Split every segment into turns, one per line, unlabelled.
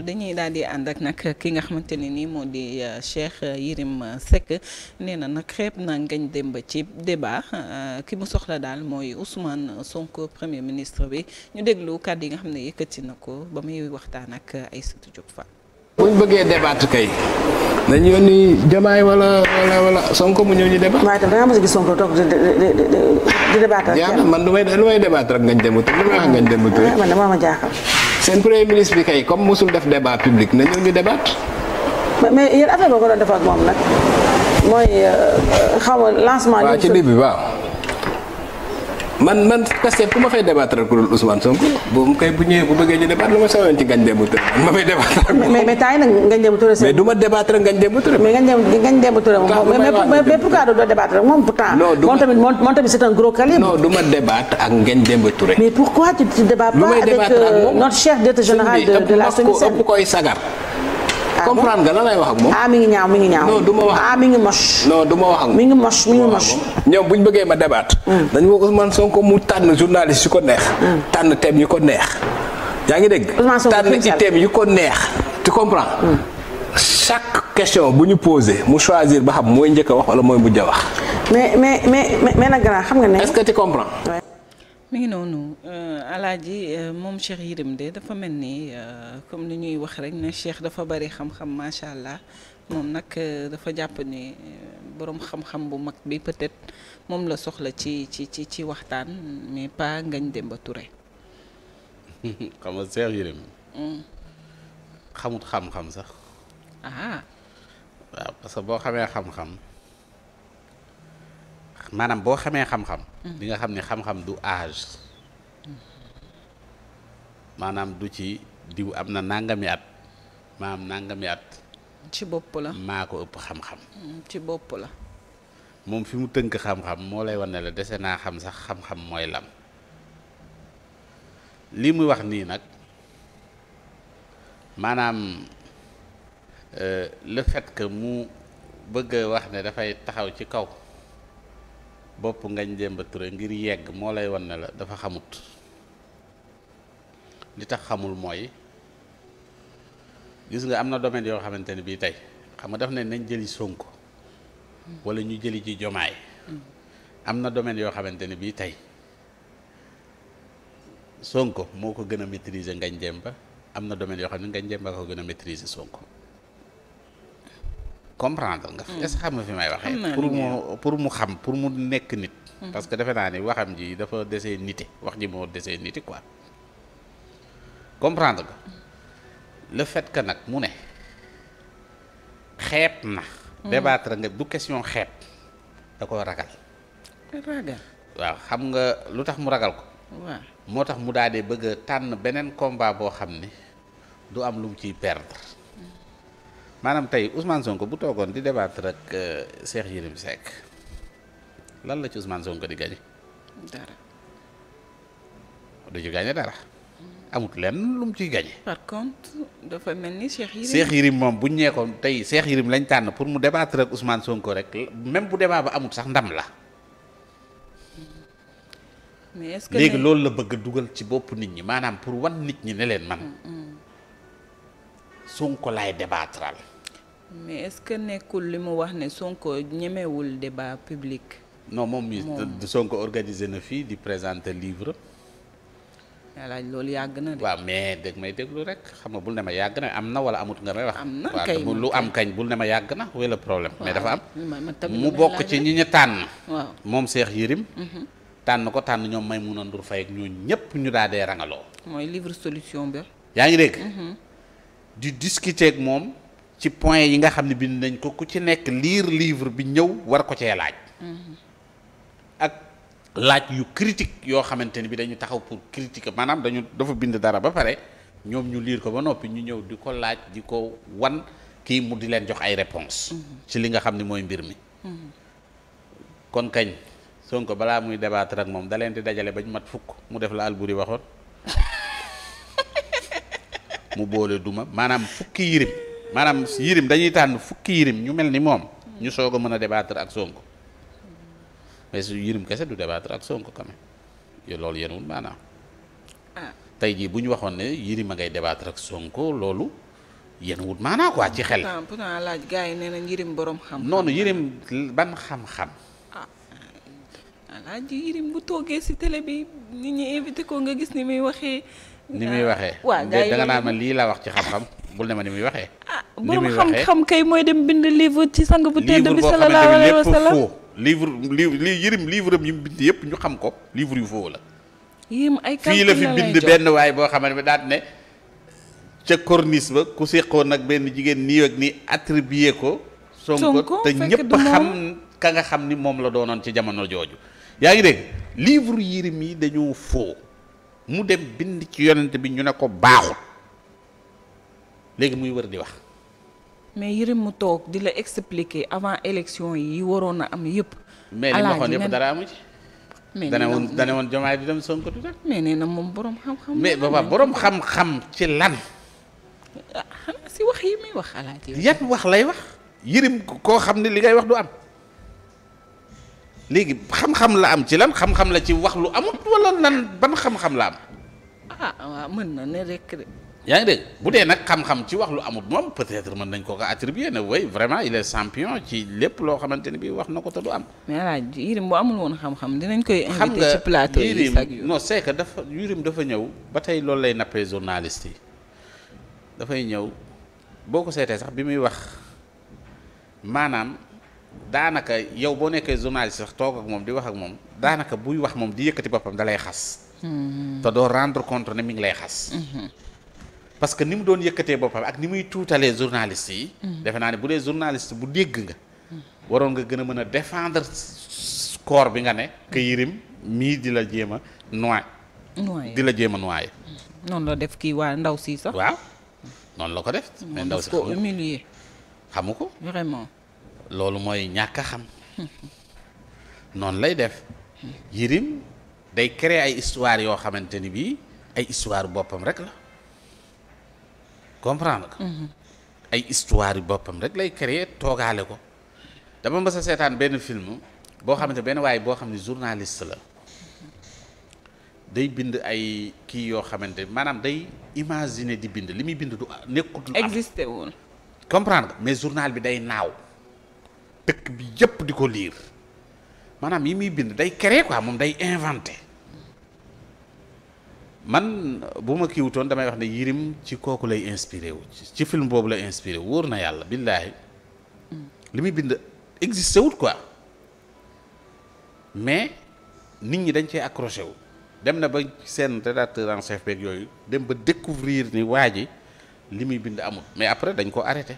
dañuy daal di ànd ak nag ki nga xamante ne nii moo di euh, Cheikh euh, Yirim euh, Seck nee na nag xeeb na ngañ démb ci débat ki mu soxla daal mooy Ousmane Sonko premier ministre bi ñu déglu kàddu yi nga xam ne yëkkati na ko ba muy waxtaan ak Aïssatou Diop Fall.
bu ñu bëggee débattre kay dañu yónni Diomaye wala wala wala Sonko mu ñëw ñu débat. waaye itam da ngaa mos a gis Sonko toog di di di débattre ak man lu may lu may débattre ak ngañ démb te lu may wax ngañ démb te. man dama jaaxal. seen premier ministre bi kay comme mosul def débat public na ñëw ñu débat.
mais yéen affaire boo ko doon defaat moom nag mooy
euh, xaw ma lancement. waaw ci début waaw. man man Pastef ku ma fay débattre ku dul Ousmane Sonko boobu kay bu ñëwee bu bëggee ñu débattre lu ma soxla woon ci Ngagne Demba Touré man ma fay débattre. mais mais taay nag Ngagne mais du ma débattre Ngagne pas avec euh, notre chef d'état général de la SENICEL ko ëpp koy sagar. comprendre nga lan lay wax ak moom. ah mi ngi ñaaw mi ngi ñaaw. non du ma wax ah mi ngi mos. non du ma wax ak moom ngi mos ñoom bu ñu bëggee ma débat. Hmm. dañu ko Ousmane Sonko mu ko neex. Hmm. tànn thème yu ko neex. yaa ngi dégg. tànn ci thème yu ko neex. tu comprends. Hmm. chaque question bu ñu posé mu choisir ba xam mooy njëkk a wax wala mooy mujj a wax. mais mais mais mais nag grand xam nga ne. est-ce que tu comprends.
mi ngi noonu euh, alaaji euh, moom Cheikh Yérim de dafa mel ni euh, comme li ñuy wax rek ne Cheikh dafa bari xam-xam macha allah moom nag dafa jàpp ni boroom xam-xam bu mag bi peut-être moom la soxla ci ci ci ci waxtaan mais pas ngañ Demba Touré.
xam nga mm. xamut xam-xam sax. Ah. waaw parce boo xamee xam-xam. maanaam boo xamee xam-xam di nga xam ne xam-xam du age maanaam du ci diw am na nangami at maam nangami at ci bopp la maa ko ëpp xam-xam
mm, ci bopp la
moom fi mu tënk xam-xam moo lay wane la dese naa xam sax xam-xam mooy lam lii muy wax nii nag maanaam euh, le fait que mu bëgg wax ne dafay taxaw ci kaw bopp ngañ Demba Touré ngir yegg moo lay wan ne la dafa xamut li tax xamul mooy gis nga am na domaine yoo xamante ne bii tey xam nga daf ne nañ jëli Sonko wala ñu jëli ci jomaay am na domaine yoo xamante ne bii tey Sonko moo ko gën a maîtriser ngañ ba am na domaine yoo xam ne ngañ ba ko gën a maîtriser Sonko comprendre nga fi est-ce xam nga fi may waxee pour mu pour mu xam pour mu nekk nit hmm. parce que defe naa ni waxam ji dafa desee nite wax ji moo dese nite quoi comprendre nga hmm. le fait que nag mu ne xeet na hmm. débattre nga du question xeet da ko ragal waaw xam nga lu tax mu ragal ko moo tax mu daal dee bëgg tànn beneen combat boo xam ni du am lu mu ciy perdre maanaam tey Ousmane Sonko bu toogoon di débattre ak euh, Cheikh Yérim Seck lan la ci Ousmane Sonko di gañe dara amut lenn lu ci ciy gañe
par contre dafa mel ni Cheikh Yérim Cheikh
Yérim moom bu ñu nekkoon tey Cheikh Yérim lañ tànn pour mu débattre ak Ousmane Sonko rek même bu débat ba amut sax ndam la.
mais léegi loolu
la bëgg dugal ci bopp nit ñi maanaam pour wan nit ñi ne leen man. Sonko laay débattral
mais est-ce que nekkul li mu wax ne Sonko
ñemewul débat public. no moom mi Sonko organisé na fii di présenter livre. alaaj loolu yàgg na de. waaw mais dégg may déglu rek xam nga bul ne ma yàgg na am na wala amut nga na kay lu am kañ bul ne ma yàgg na wala problème. mais dafa am mu bokk ci ñi ñu tànn. moom seex Yérim. Mhm. tànn ko tànn ñoom Maïmouna Ndour fay ak ñooñu ñëpp ñu daa dee rangaloo.
mooy livre solution bi. yaa ngi dégg. Mhm.
di discuter ak moom. ci point yi nga xam ne bind nañ ko ku ci nekk liir livre bi ñëw war ko cee laaj mm-hmm. ak laaj yu critique yoo xamante ni bi dañu taxaw pour critiquer maanaam dañu dafa bind dara ba pare ñoom ñu liir ko ba noppi ñu ñëw di ko laaj di ko wan kii mu di leen jox ay réponse mm-hmm. ci li nga xam ne mooy mbir mi mm-hmm. kon kañ ko balaa muy débattre ak moom da leen di dajale bañ mat fukk mu def la Alboury waxoon mu boole duma maanaam fukki yërib maanaam yirim dañuy tànn fukki yirim ñu mel ni moom ñu soog a mën a débattre ak sonk mais su yirim kese du débattre ak sonk quand loolu yéen wul maanaam ah. tey jii bu ñu waxoon ne yirim a ngay débattre Sonko loolu yéen wut maanaa quoi ci xel. pourtant
pourtant laaj gars yi nee na yirim borom xam. noonu
yirim ban xam-xam.
Ah, ah laaj yirim bu toogee si télé bi nit ñi invité ko nga gis ni muy waxee.
ni muy ah, waxee. waa gars yi da lii laa wax ci xam-xam. bul ne ma ni muy waxee. Ah, ni muy waxee borom xam-xam
kay mooy dem bind livre ci sang bu tedd bi sallallahu alayhi wa sallam
livre livre li yërim livre am yëpp ñu xam ko livre yu foo la.
yéen la fi bind benn
waay boo xamante ne daal ne ca corniche ba ku seqoon nag benn jigéen nii ak nii ko. Sonko te ñëpp xam ka nga xam ni moom la doonoon ci jamono jooju. yaa ngi dégg livre yërim yi dañu foo mu dem bind ci yonent bi ñu ne ko baaxut. léegi muy wër di wax.
mais Yérim mu toog di la expliquer avant élection yi
waroon na am yëpp. mais li ma dara amu
ci. mais dana woon
dana woon jomaay bi dem Sonko du rek.
mais nee na moom borom xam-xam. mais baba borom
xam-xam ci lan.
xanaa ah, si wax
wax lay wax. Yérim koo xam ne li ngay wax du am. léegi xam la am ci lan xam la ci wax lu amut wala lan ban xam-xam la am.
ah waaw mën na ne rek de.
yaa ngi de bu dee nag xam-xam ci wax lu amut moom peut-être mën nañ koo ko attribuer ne way vraiment il est champion ci lépp loo xamante ni bi wax na ko te du am.
voilà Yirim bu amul woon xam dinañ koy. invité ci plateau yi xam nga Yirim
non c'est que dafa Yirim dafa ñëw ba tey loolu lay nappee journaliste yi dafay ñëw boo ko seetee sax bi muy wax maanaam daanaka yow boo nekkee journaliste sax toog ak moom di wax ak moom daanaka buy wax moom di yëkkati boppam da lay xas. Hmm. te doo rendre compte ne mi ngi lay xas. Hmm. parce que ni mu doon yëkkatee boppam ak ni muy tuutalee journaliste yi. Mm. defe naa ne bu dee journaliste bu dégg nga. waroon nga gën a mën a défendre corps bi nga ne. que Yérim mii di la jéem a noy. di la jéem a noyé.
Mm. noonu la def kii waa ndaw si sax. waaw
noonu la ko def. Mm. mais ndaw si ko humilier. xamu ko loolu mooy ñàkk a xam. noonu lay def. Yérim day créer ay histoire yoo xamante ni bii ay histoire boppam rek la. comprendre nga. Mhm. ay histoire yu boppam rek lay créer toogaale ko dama mës a seetaan benn film boo xamante benn waaye boo xam ne journaliste la day bind ay kii yoo xamante maanaam day imaginer di bind li muy bind du nekkut lu am mais journal bi day naaw dëkk bi yëpp di ko lire maanaam yi muy bind day créer quoi moom day inventé man bu ma kiiwutoon damay wax ne Yirim ci kooku lay inspiré wu ci film boobu la inspiré wóor na yàlla billaahi mm. li muy bind existé wut quoi mais nit ñi dañ cee accroché wu dem na ba seen rédacteur en chef beeg yooyu dem ba découvrir ni waa ji li muy bind amul mais après dañ ko arrêté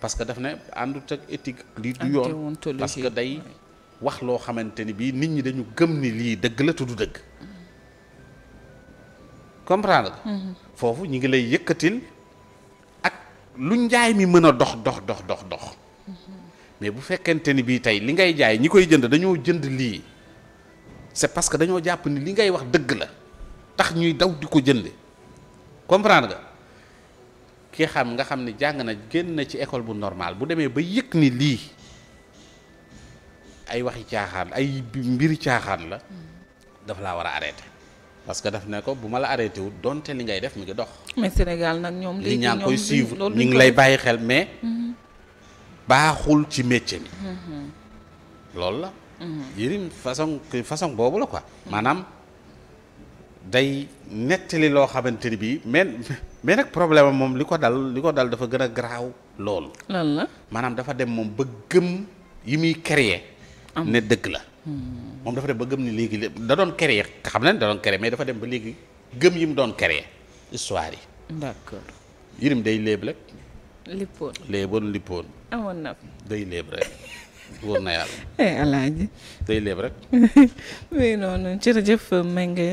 parce que daf ne àndut ak éthique lii du yoon parce day wax loo xamante ni bii nit ñi dañu gëm ni lii dëgg la tudd dëgg mm. comprendre nga. Mhm. foofu ñu ngi lay yëkkatil ak lu njaay mi mën a dox dox dox dox dox. Mhm. mais bu fekkente ni bii tey li ngay jaay ñi koy jënd dañoo jënd lii c'est parce que dañoo jàpp ni li ngay wax dëgg la tax ñuy daw di ko jënd comprendre ga ki xam nga xam ni jàng na génn na ci école bu normal bu demee ba yëkk ni lii ay waxi caaxaan ay mbiri caaxaan la mhm. dafa laa war a arrêter. parce que daf ne ko bu ma la arrêté wut donte li ngay def mi ngi dox.
mais Sénégal nag ñoom. léegi ñaa ngi koy suivre ñu ngi lay bàyyi xel mais. Mhm.
baaxul ci métier mi. Mhm. loolu la. Mhm. Yérim façon façon boobu la quoi. maanaam day nettali loo xamante ni bii mais mais nag problème moom li ko dal li ko dal dafa gën a garaaw loolu. lan la maanaam dafa dem moom ba gëm yi muy créer. ne dëgg la.
moom
dafa dem ba gëm ni léegi da doon créer xam nañ da doon créer mais dafa dem ba léegi gëm yi mu doon créer histoire yi. d'accord Yérim day léeb rek. lippoon léeboon lippoon. amoon na day léeb rek. wóor na yàlla. eh Alaaji. day léeb rek.
oui noonu jërëjëf Mbengue.